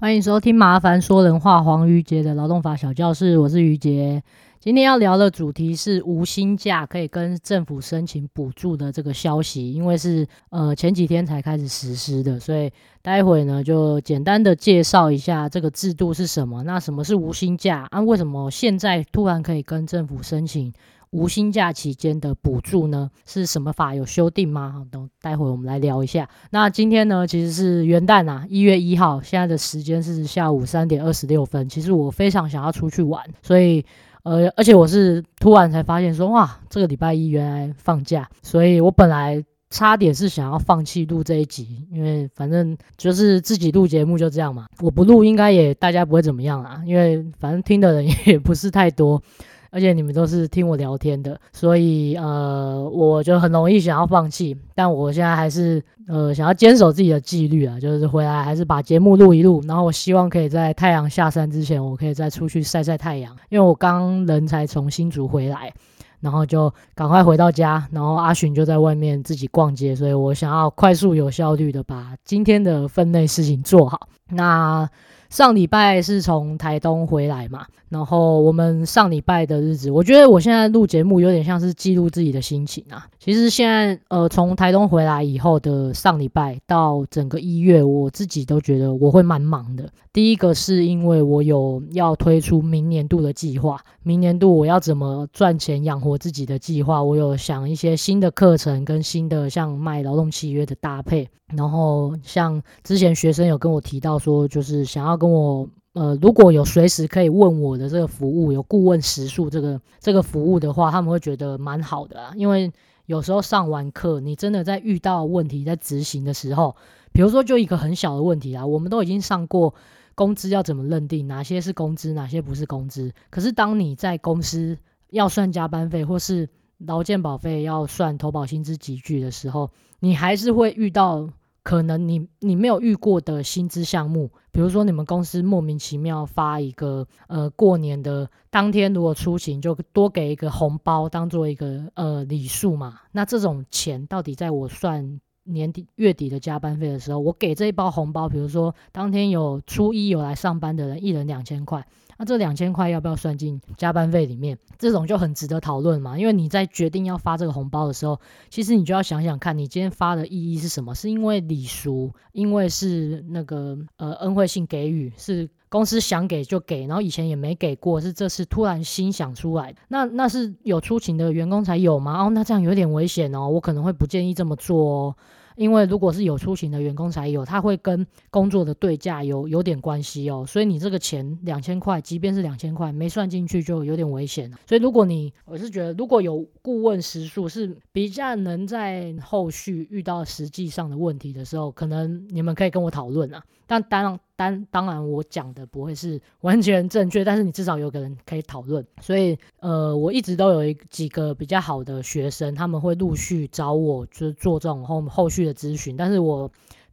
歡迎收聽《麻煩說人話》，黃瑜杰的勞動法小教室，我是瑜杰。今天要聊的主題是無薪假可以跟政府申請補助的這個消息，因為是呃前幾天才開始實施的，所以待會呢就簡單的介紹一下這個制度是什麼。那什麼是無薪假？那、啊、為什麼現在突然可以跟政府申請？無薪假期間的補助呢，是什麼法有修訂嗎？等待會我們來聊一下。那今天呢，其實是元旦啊，一月一號。現在的時間是下午三點二十六分。其實我非常想要出去玩，所以呃，而且我是突然才發現說，哇，這個禮拜一原來放假，所以我本來差點是想要放棄錄這一集，因為反正就是自己錄節目就這樣嘛。我不錄應該也大家不會怎麼樣啊，因為反正聽的人也不是太多。而且你們都是聽我聊天的，所以呃，我就很容易想要放棄。但我現在還是呃，想要堅守自己的紀律啊，就是回來還是把節目錄一錄。然後我希望可以在太陽下山之前，我可以再出去曬曬太陽，因為我剛人才從新竹回來，然後就趕快回到家，然後阿尋就在外面自己逛街，所以我想要快速有效率的把今天的分內事情做好。那。上禮拜是從台東回來嘛，然後我們上禮拜的日子，我覺得我現在錄節目有點像是記錄自己的心情啊。其實現在，呃，從台東回來以後的上禮拜到整個一月，我自己都覺得我會蠻忙的。第一個是因為我有要推出明年度的計劃，明年度我要怎麼賺錢養活自己的計劃，我有想一些新的課程跟新的像賣勞動契約的搭配。然後像之前學生有跟我提到說，就是想要跟我，呃，如果有隨時可以問我的這個服務，有顧問時數這個這個服務的話，他們會覺得蠻好的啊，因為。有時候上完課，你真的在遇到問題在執行的時候，比如說就一個很小的問題啊，我們都已經上過工資要怎麼認定，哪些是工資，哪些不是工資。可是當你在公司要算加班費，或是勞健保費要算投保薪資級距的時候，你還是會遇到。可能你你沒有遇過的薪資項目，比如說你們公司莫名其妙發一個呃過年的當天如果出行就多給一個紅包當做一個呃禮數嘛，那這種錢到底在我算年底月底的加班費的時候，我給這一包紅包，比如說當天有初一有來上班的人，一人兩千塊。那這兩千塊要不要算進加班費裡面？這種就很值得討論嘛，因為你在決定要發這個紅包的時候，其實你就要想想看你今天發的意義是什麼？是因為禮俗，因為是那個呃恩惠性給予，是公司想給就給，然後以前也沒給過，是這次突然心想出來。那那是有出勤的員工才有嗎？哦，那這樣有點危險哦，我可能會不建議這麼做哦。因為如果是有出行的員工才有，他會跟工作的對價有有點關係哦，所以你這個錢兩千塊，即便是兩千塊沒算進去就有點危險了啊。所以如果你我是覺得如果有顧問時數是比較能在後續遇到實際上的問題的時候，可能你們可以跟我討論啊，但當然。但當然，我講的不會是完全正確，但是你至少有個人可以討論。所以，呃，我一直都有一幾個比較好的學生，他們會陸續找我，就是做這種後後續的諮詢。但是我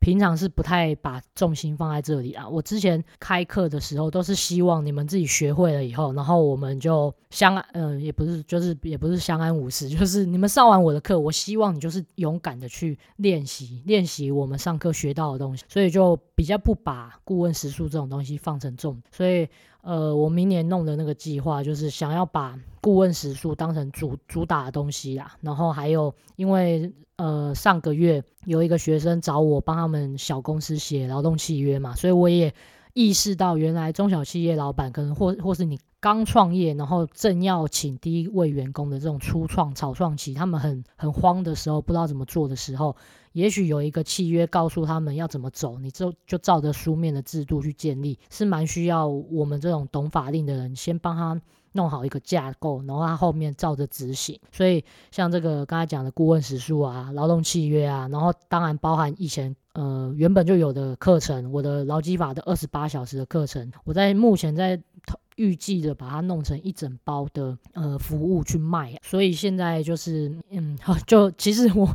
平常是不太把重心放在這裡啊。我之前開課的時候，都是希望你們自己學會了以後，然後我們就相安呃，也不是，就是也不是相安無事，就是你們上完我的課，我希望你就是勇敢的去練習，練習我們上課學到的東西。所以就比較不把顧問時數這種東西放成重點。所以呃，我明年弄的那個計劃就是想要把顧問時數當成主主打的東西啦。然後還有因為。呃，上個月有一個學生找我幫他們小公司寫勞動契約嘛，所以我也意識到，原來中小企業老闆可能或或是你剛創業，然後正要請第一位員工的這種初創、草創期，他們很很慌的時候，不知道怎麼做的時候，也許有一個契約告訴他們要怎麼走，你就就照着書面的制度去建立，是蠻需要我們這種懂法令的人先幫他。弄好一個架構，然後他後面照着執行。所以像這個剛才講的顧問時數啊、勞動契約啊，然後當然包含以前呃原本就有的課程，我的勞基法的二十八小時的課程，我在目前在預計着把它弄成一整包的呃服務去賣。所以現在就是嗯，就其實我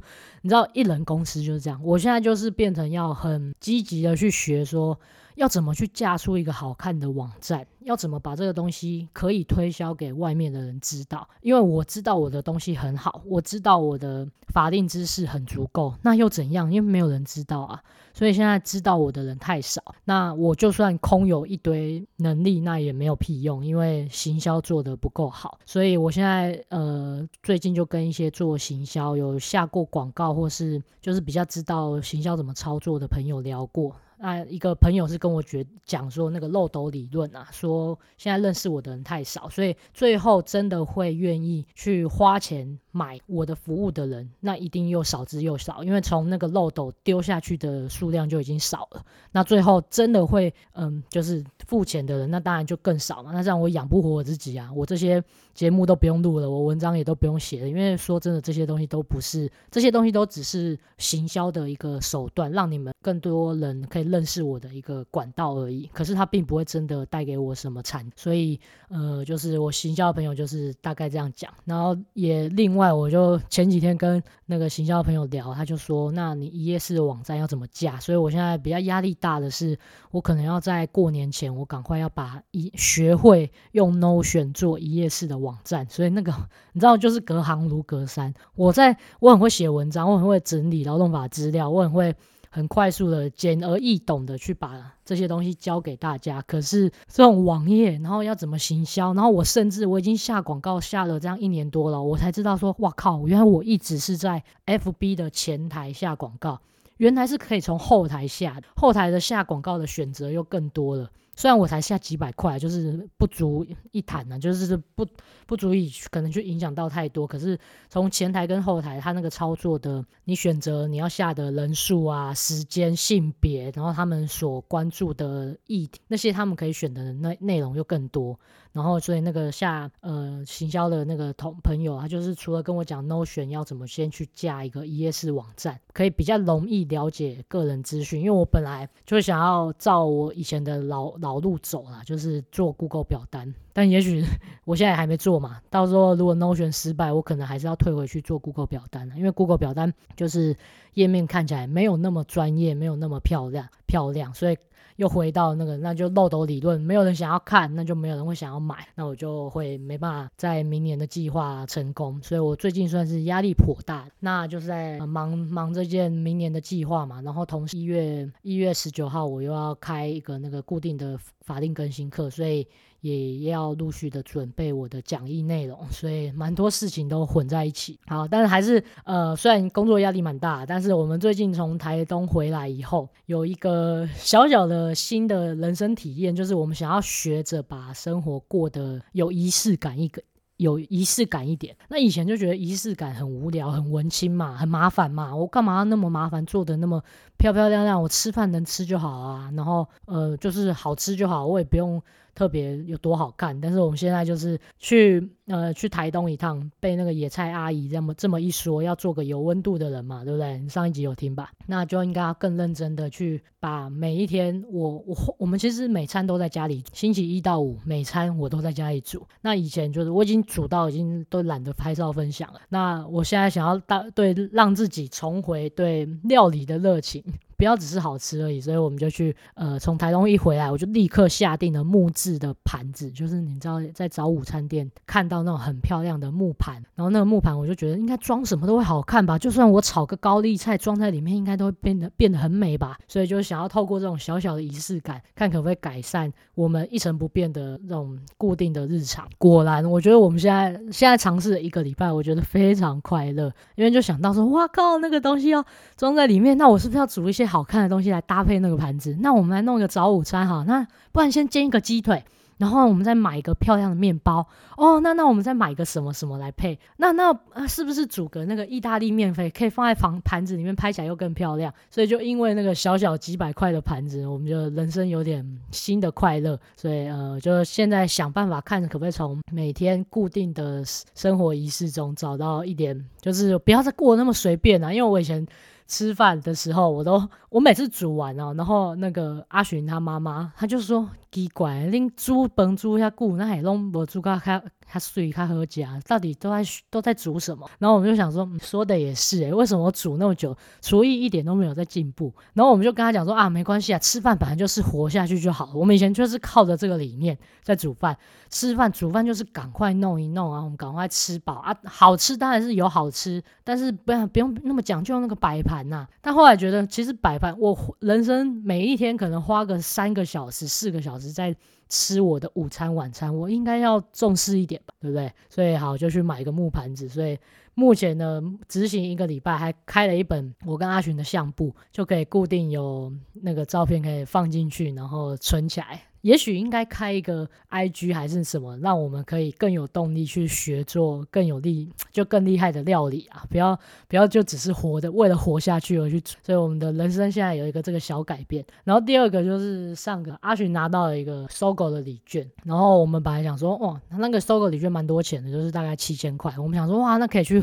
你知道一人公司就是這樣，我現在就是變成要很積極的去學說。要怎麼去架出一個好看的網站？要怎麼把這個東西可以推銷給外面的人知道？因為我知道我的東西很好，我知道我的法定知識很足夠，那又怎樣？因為沒有人知道啊，所以現在知道我的人太少。那我就算空有一堆能力，那也沒有屁用，因為行銷做得不夠好。所以我現在呃，最近就跟一些做行銷、有下過廣告或是就是比較知道行銷怎麼操作的朋友聊過。那一個朋友是跟我覺講說，那個漏斗理論啊，說現在認識我的人太少，所以最後真的會願意去花錢買我的服務的人，那一定又少之又少，因為從那個漏斗丟下去的數量就已經少了。那最後真的會嗯，就是付錢的人，那當然就更少嘛，那這樣我養不活我自己啊，我這些。節目都不用錄了，我文章也都不用寫了，因為說真的，這些東西都不是，這些東西都只是行銷的一個手段，讓你們更多人可以認識我的一個管道而已。可是他並不會真的帶給我什麼產，所以呃，就是我行銷的朋友就是大概這樣講。然後也另外，我就前幾天跟那個行銷的朋友聊，他就說，那你一頁式的網站要怎麼架？所以我現在比較壓力大的是，我可能要在過年前，我趕快要把一學會用 No 選做一頁式的網。網站，所以那個你知道，就是隔行如隔山。我在我很會寫文章，我很會整理勞動法資料，我很會很快速的、簡而易懂的去把這些東西教給大家。可是這種網頁，然後要怎麼行銷？然後我甚至我已經下廣告下了這樣一年多了，我才知道說，哇靠！原來我一直是在 FB 的前台下廣告，原來是可以從後台下的，後台的下廣告的選擇又更多了。雖然我才下幾百塊，就是不足一談呢、啊，就是不不足以可能就影響到太多。可是從前台跟後台，他那個操作的，你選擇你要下的人數啊、時間、性別，然後他們所關注的議題，那些他們可以選擇的那內容又更多。然後，所以那個下呃、行銷的那個同朋友，他就是除了跟我講 Notion 要怎麼先去架一個 ES 網站，可以比較容易了解個人資訊。因為我本來就想要照我以前的老老路走啦，就是做 Google 表單。但也許我現在還沒做嘛，到時候如果 Notion 失敗，我可能還是要退回去做 Google 表單的。因為 Google 表單就是頁面看起來沒有那麼專業，沒有那麼漂亮漂亮，所以。又回到那個，那就漏斗理論，沒有人想要看，那就沒有人會想要買，那我就會沒辦法在明年的計劃成功，所以我最近算是壓力頗大，那就是在、呃、忙忙這件明年的計劃嘛，然後同時一月一月十九號我又要開一個那個固定的法令更新課，所以。也要陸續的準備我的講義內容，所以蠻多事情都混在一起。好，但是還是呃，雖然工作壓力蠻大，但是我們最近從台東回來以後，有一個小小的新的人生體驗，就是我們想要學着把生活過得有儀式感一個有儀式感一點。那以前就覺得儀式感很無聊，很文青嘛，很麻煩嘛，我幹嘛要那麼麻煩，做得那麼漂漂亮亮，我吃飯能吃就好啊，然後呃，就是好吃就好，我也不用。特別有多好看，但是我們現在就是去呃去台東一趟，被那個野菜阿姨這麼這麼一說，要做個有溫度的人嘛，對不對？你上一集有聽吧？那就應該要更認真的去把每一天我我我們其實每餐都在家裡，星期一到五每餐我都在家裡煮。那以前就是我已經煮到已經都懶得拍照分享了。那我現在想要大對，讓自己重回對料理的熱情。不要只是好吃而已，所以我們就去呃，從台東一回來，我就立刻下定了木製的盤子，就是你知道在早午餐店看到那種很漂亮的木盤，然後那個木盤我就覺得應該裝什麼都會好看吧，就算我炒個高麗菜裝在裡面，應該都會變得變得很美吧，所以就想要透過這種小小的儀式感，看可不可以改善我們一成不變的這種固定的日常。果然，我覺得我們現在現在嘗試了一個禮拜，我覺得非常快樂，因為就想到說，哇靠，那個東西要裝在裡面，那我是不是要煮一些？好看的東西來搭配那個盤子，那我們來弄一個早午餐哈，那不然先煎一個雞腿，然後我們再買一個漂亮的麵包哦，那那我們再買一個什麼什麼來配，那那、啊、是不是煮個那個意大利麵費可以放在房盤子裡面，拍起來又更漂亮，所以就因為那個小小幾百塊的盤子，我們就人生有點新的快樂，所以呃，就現在想辦法看可不可以從每天固定的生活儀式中找到一點，就是不要再過那麼隨便了、啊，因為我以前。吃飯的時候，我都，我每次煮完了，然後那個阿尋他媽媽，他就說。奇怪，恁煮甭一下顧，那還弄不煮咖？他他水，他何解？到底都在都在煮什麼？然後我們就想說，說的也是誒，為什麼我煮那麼久，廚藝一點都沒有在進步？然後我們就跟他講說啊，沒關係啊，吃飯本來就是活下去就好了。我們以前就是靠着這個理念在煮飯、吃飯，煮飯就是趕快弄一弄啊，我們趕快吃飽啊，好吃當然是有好吃，但是不要不用那麼講究那個擺盤吶。但後來覺得，其實擺盤，我人生每一天可能花個三個小時、四個小時。只是在吃我的午餐、晚餐，我應該要重視一點吧，對不對？所以好，就去買一個木盤子。所以目前呢，執行一個禮拜，還開了一本我跟阿群的相簿，就可以固定有那個照片可以放進去，然後存起來。也許應該開一個 IG 還是什麼，讓我們可以更有動力去學做更有利就更厲害的料理啊！不要不要就只是活著，為了活下去而去煮。所以，我們的人生現在有一個這個小改變。然後第二個就是上個阿尋拿到了一個 SOGO 的禮券，然後我們本來想說，哇、哦，他那個 SOGO 禮券蠻多錢的，就是大概七千塊，我們想說，哇，那可以去。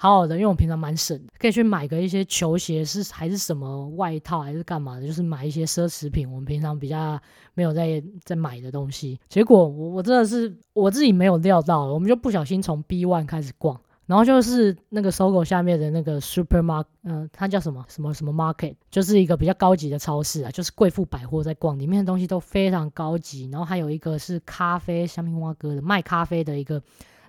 好好的，因為我平常蠻省，可以去買個一些球鞋是，是還是什麼外套，還是幹嘛的？就是買一些奢侈品，我們平常比較沒有在在買的東西。結果我我真的是我自己沒有料到，我們就不小心從 B One 開始逛，然後就是那個 SOGO 下面的那個 Supermarket，嗯、呃，它叫什麼什麼什麼 Market，就是一個比較高級的超市啊，就是貴婦百貨在逛，裡面的東西都非常高級。然後還有一個是咖啡，香檳花哥的賣咖啡的一個。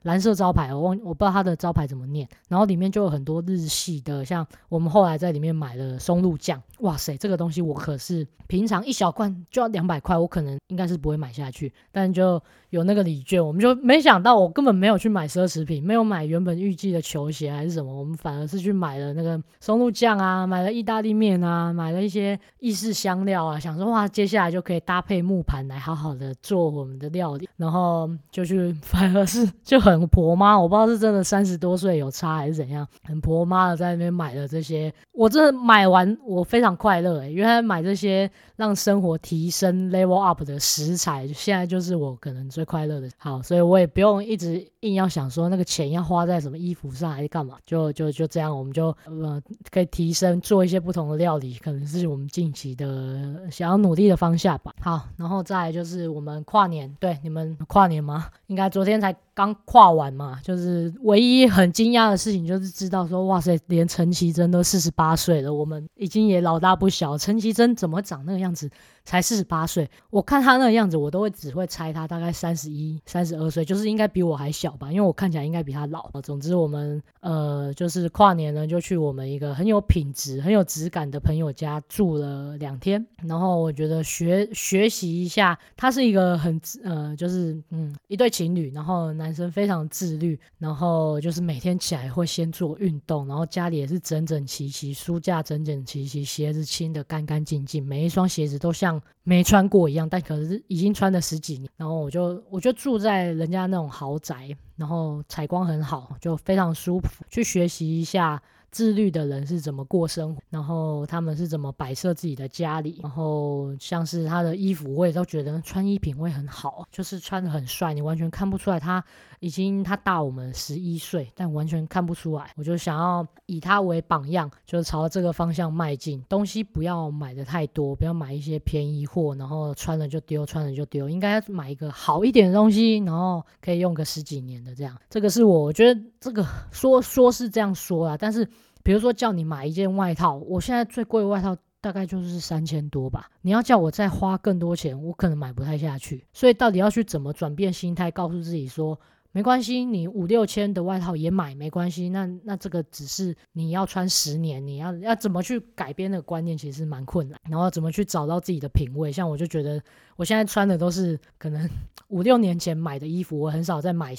藍色招牌，我忘我不知道它的招牌怎麼念。然後裡面就有很多日系的，像我們後來在裡面買了松露醬，哇塞，這個東西我可是平常一小罐就要兩百塊，我可能應該是不會買下去。但就有那個禮券，我們就沒想到，我根本沒有去買奢侈品，沒有買原本預計的球鞋還是什麼，我們反而是去買了那個松露醬啊，買了意大利麵啊，買了一些意式香料啊，想說哇，接下來就可以搭配木盤來好好的做我們的料理，然後就去反而是就。很婆媽，我不知道是真的三十多歲有差還是怎樣，很婆媽的在那邊買了這些，我真的買完我非常快樂、欸，哎，因為買這些讓生活提升 level up 的食材，現在就是我可能最快樂的。好，所以我也不用一直硬要想說那個錢要花在什麼衣服上還是幹嘛，就就就這樣，我們就呃可以提升做一些不同的料理，可能是我們近期的想要努力的方向吧。好，然後再來就是我們跨年，對，你們跨年嗎？應該昨天才剛跨。畫完嘛，就是唯一很驚訝的事情，就是知道說，哇塞，連陳綺貞都四十八歲了，我們已經也老大不小，陳綺貞怎麼長那個樣子？才四十八歲，我看他那個樣子，我都會只會猜他大概三十一、三十二歲，就是應該比我還小吧，因為我看起來應該比他老。總之，我們呃就是跨年呢，就去我們一個很有品質、很有質感的朋友家住了兩天。然後我覺得學學習一下，他是一個很呃就是嗯一對情侶，然後男生非常自律，然後就是每天起來會先做運動，然後家裡也是整整齊齊，書架整整齊齊，鞋子清得乾乾淨淨，每一雙鞋子都像。沒穿過一樣，但可是已經穿了十幾年。然後我就，我就住在人家那種豪宅，然後採光很好，就非常舒服，去學習一下。自律的人是怎麼過生活？然後他們是怎麼擺設自己的家裡？然後像是他的衣服，我也都覺得穿衣品味很好，就是穿得很帥，你完全看不出來他已經他大我們十一歲，但完全看不出來。我就想要以他為榜樣，就是朝這個方向邁進。東西不要買的太多，不要買一些便宜貨，然後穿了就丟，穿了就丟。應該要買一個好一點的東西，然後可以用個十幾年的這樣。這個是我，我覺得這個說說是這樣說啦，但是。比如說叫你買一件外套，我現在最貴的外套大概就是三千多吧。你要叫我再花更多錢，我可能買不太下去。所以到底要去怎麼轉變心態，告訴自己說沒關係，你五六千的外套也買沒關係。那那這個只是你要穿十年，你要要怎麼去改變的觀念，其實蠻困難。然後怎麼去找到自己的品味？像我就覺得我現在穿的都是可能五六年前買的衣服，我很少再買。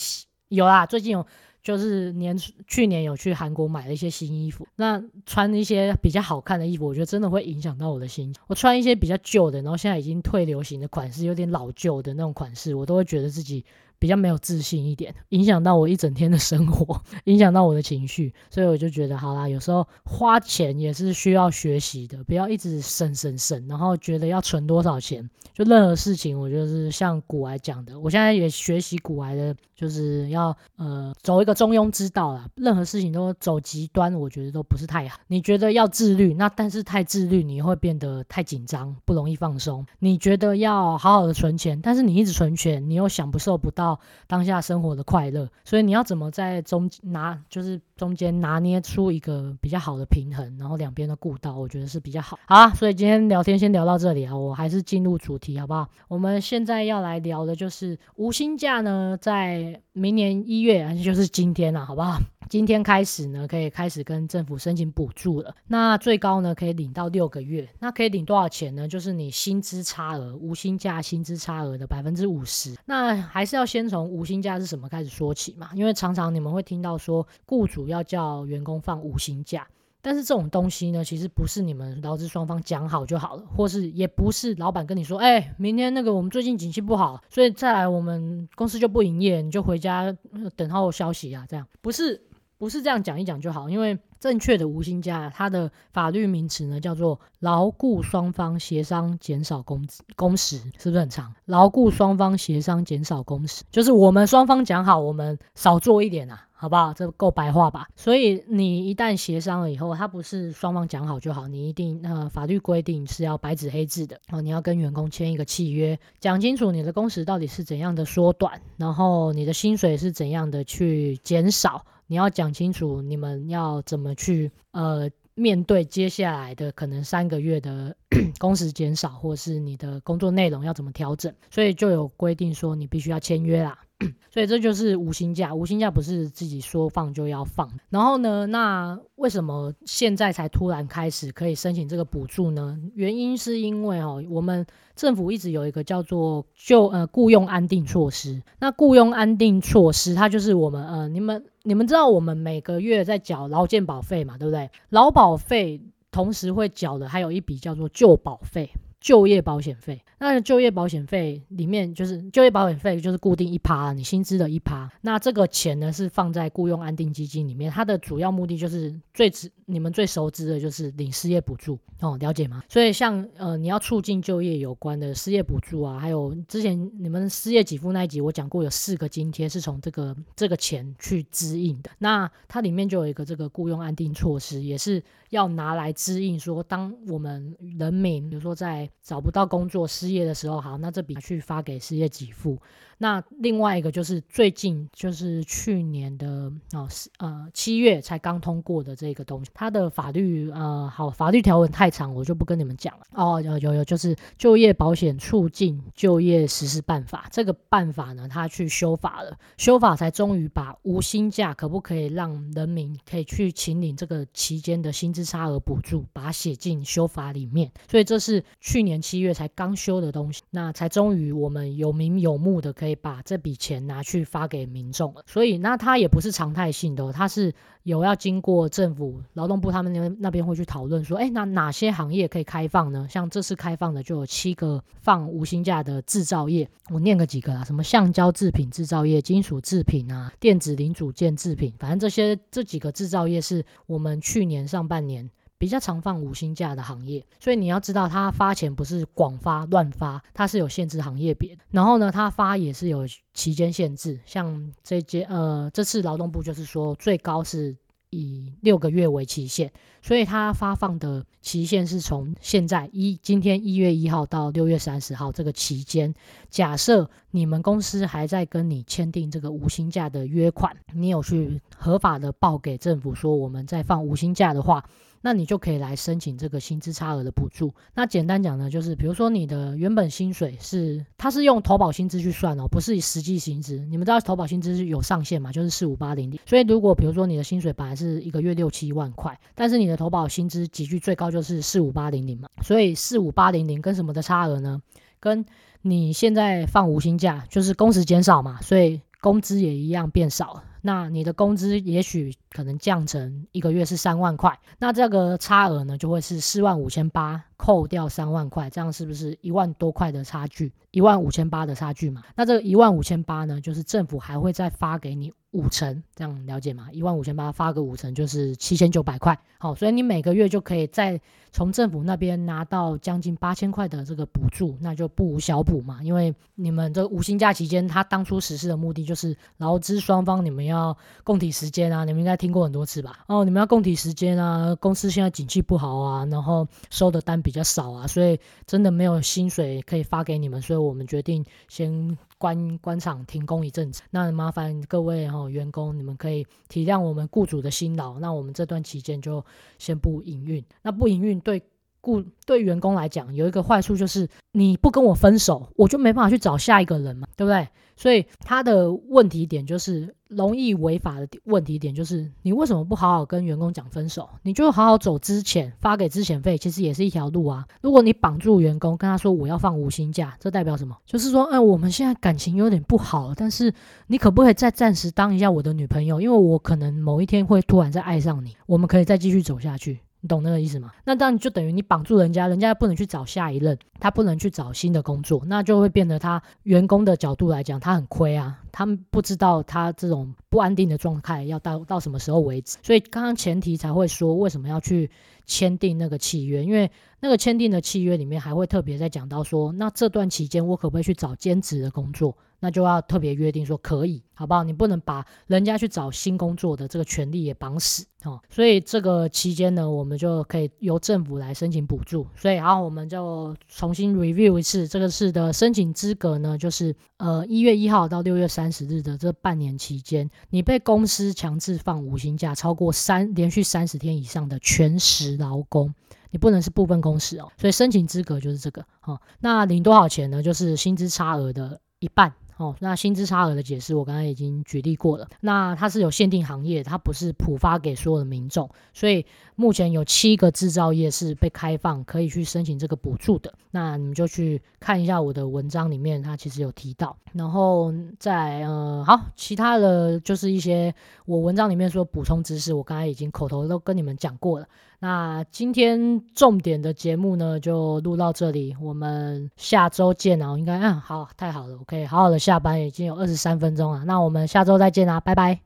有啦，最近有。就是年去年有去韓國買了一些新衣服，那穿一些比較好看的衣服，我覺得真的會影響到我的心情。我穿一些比較舊的，然後現在已經退流行的款式，有點老舊的那種款式，我都會覺得自己。比較沒有自信一點，影響到我一整天的生活，影響到我的情緒，所以我就覺得好啦。有時候花錢也是需要學習的，不要一直省省省，然後覺得要存多少錢。就任何事情，我就是像古來講的，我現在也學習古來的，就是要呃走一個中庸之道啦，任何事情都走極端，我覺得都不是太好。你覺得要自律，那但是太自律你會變得太緊張，不容易放鬆。你覺得要好好的存錢，但是你一直存錢，你又享不受不到。當下生活的快樂，所以你要怎麼在中拿，就是中間拿捏出一個比較好的平衡，然後兩邊的顧到，我覺得是比較好。好，所以今天聊天先聊到這裡啊，我還是進入主題好不好？我們現在要來聊的就是無薪假呢，在明年一月，是就是今天了，啊，好不好？今天開始呢，可以開始跟政府申請補助了。那最高呢，可以領到六個月。那可以領多少錢呢？就是你薪資差額、無薪假、薪資差額的百分之五十。那還是要先從無薪假是什麼開始說起嘛？因為常常你們會聽到說，雇主要叫員工放無薪假，但是這種東西呢，其實不是你們勞資雙方講好就好了，或是也不是老闆跟你說，哎、欸，明天那個我們最近景氣不好，所以再來我們公司就不營業，你就回家、呃、等候消息啊，這樣不是。不是這樣講一講就好，因為正確的無薪假，它的法律名詞呢叫做“勞雇雙方協商減少工工時”，是不是很長？“勞雇雙方協商減少工時”就是我們雙方講好，我們少做一點啊，好不好？這夠白話吧？所以你一旦協商了以後，它不是雙方講好就好，你一定呃法律規定是要白紙黑字的哦，你要跟員工簽一個契約，講清楚你的工時到底是怎樣的縮短，然後你的薪水是怎樣的去減少。你要講清楚，你們要怎麼去呃面對接下來的可能三個月的 工時減少，或是你的工作內容要怎麼調整？所以就有規定說你必須要簽約啦。 所以這就是無薪假，無薪假不是自己說放就要放。然後呢，那為什麼現在才突然開始可以申請這個補助呢？原因是因為哦，我們政府一直有一個叫做就呃僱用安定措施。那僱用安定措施，它就是我們呃你們。.你們知道我們每個月在繳勞健保費嘛，對不對？勞保費同時會繳的，還有一筆叫做就保費。就業保險費，那就業保險費裡面就是就業保險費，就是固定一趴啊，你薪資的一趴。那這個錢呢，是放在僱傭安定基金裡面，它的主要目的就是最值你們最熟知的就是領失業補助哦，了解嗎？所以像呃你要促進就業有關的失業補助啊，還有之前你們失業給付那一集我講過，有四個津貼是從這個這個錢去支應的。那它裡面就有一個這個僱傭安定措施，也是要拿來支應說，說當我們人民比如說在找不到工作失業的時候，好，那這筆去發給失業給付。那另外一個就是最近就是去年的啊、哦、呃，七月才剛通過的這個東西，它的法律呃好，法律條文太長，我就不跟你們講了哦。有有有，就是就業保險促進就業實施辦法，這個辦法呢，它去修法了，修法才終於把無薪假可不可以讓人民可以去請領這個期間的薪資差額補助，把它寫進修法裡面。所以這是去年七月才剛修的東西，那才終於我們有名有目的可以。可以把這筆錢拿去發給民眾，所以那它也不是常態性的，哦，它是有要經過政府勞動部他們那邊，那邊會去討論說，哎，那哪些行業可以開放呢？像這次開放的就有七個放無薪假的制造業，我念個幾個啊，什麼橡膠製品制造業、金屬製品啊、電子零組件製品，反正這些這幾個制造業是我們去年上半年比較常放無薪假的行業，所以你要知道，它發錢不是廣發亂發，它是有限制行業別的。然後呢，它發也是有期間限制，像這間呃這次勞動部就是說，最高是以六個月為期限，所以它發放的期限是從現在一今天一月一號到六月三十號這個期間。假設你們公司還在跟你簽訂這個無薪假的約款，你有去合法的報給政府說我們在放無薪假的話，那你就可以來申請這個薪資差額的補助。那簡單講呢，就是比如說你的原本薪水是，它是用投保薪資去算哦，不是以實際薪資。你們知道投保薪資是有上限嘛？就是四五八零零。所以如果比如說你的薪水本來是一個月六七萬塊，但是你的投保薪資極具最高就是四五八零零嘛。所以四五八零零跟什麼的差額呢？跟你現在放無薪假，就是工時減少嘛，所以工資也一樣變少了。那你的工資也許可能降成一個月是三萬塊，那這個差額呢就會是四萬五千八，扣掉三萬塊，這樣是不是一萬多塊的差距？一萬五千八的差距嘛？那這個一萬五千八呢，就是政府還會再發給你。五成這樣了解嗎？一萬五千八發個五成就是七千九百塊。好，所以你每個月就可以再從政府那邊拿到將近八千塊的這個補助，那就不無小補嘛。因為你們這無薪假期間，他當初實施的目的就是勞資雙方你們要共體時艱啊，你們應該聽過很多次吧？哦，你們要共體時艱啊，公司現在景氣不好啊，然後收的單比較少啊，所以真的沒有薪水可以發給你們，所以我們決定先。關關廠停工一陣子，那麻煩各位齁、哦、員工，你們可以體諒我們僱主的辛勞，那我們這段期間就先不營運，那不營運對。故對員工來講有一個壞處，就是你不跟我分手，我就沒辦法去找下一個人嘛，對不對？所以他的問題點就是容易違法，的問題點就是你為什麼不好好跟員工講分手？你就好好走之前發給資遣費，其實也是一條路啊。如果你綁住員工，跟他說我要放無薪假，這代表什麼？就是說，哎、呃，我們現在感情有點不好，但是你可不可以再暫時當一下我的女朋友？因為我可能某一天會突然再愛上你，我們可以再繼續走下去。你懂那個意思嗎？那這樣就等於你綁住人家，人家不能去找下一任，他不能去找新的工作，那就會變得他員工的角度來講，他很虧啊。他們不知道他這種不安定的狀態要到到什麼時候為止，所以剛剛前提才會說為什麼要去簽訂那個契約，因為。那個簽訂的契約裡面還會特別在講到說，那這段期間我可不可以去找兼職的工作？那就要特別約定說可以，好不好？你不能把人家去找新工作的這個權利也綁死哦。所以這個期間呢，我們就可以由政府來申請補助。所以然後我們就重新 review 一次這個次的申請資格呢，就是呃一月一號到六月三十日的這半年期間，你被公司強制放無薪假超過三連續三十天以上的全時勞工。你不能是部分公司哦，所以申請資格就是這個好、哦，那領多少錢呢？就是薪資差額的一半好、哦，那薪資差額的解釋，我剛才已經舉例過了。那它是有限定行業，它不是普發給所有的民眾，所以目前有七個製造業是被開放可以去申請這個補助的。那你們就去看一下我的文章裡面，它其實有提到。然後在呃，好，其他的就是一些我文章裡面說補充知識，我剛才已經口頭都跟你們講過了。那今天重點的節目呢，就錄到這裡，我們下周見哦，我應該嗯，好，太好了 OK 好，好的，下班已經有二十三分鐘了，那我們下周再見啦，拜拜。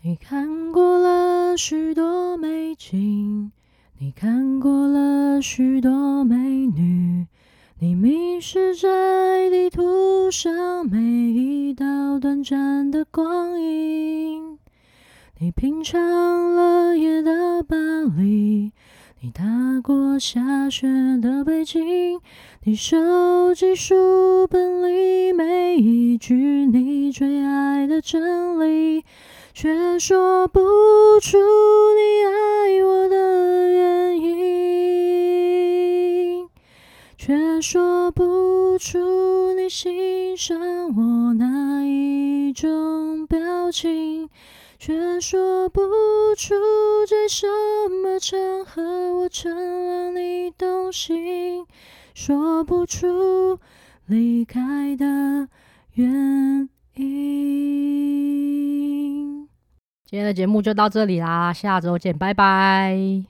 你看過了許多美景，你看過了許多美女，你迷失在地圖上每一道短暫的光影。你品嘗了夜的巴黎，你踏過下雪的北京，你熟記書本裡每一句你最愛的真理，卻說不出你愛我的原因，卻說不出你欣賞我哪一種表情。卻說不出在什麼場合我曾讓你動心，說不出離開的原因。今天的節目就到這裡啦，下周見，拜拜。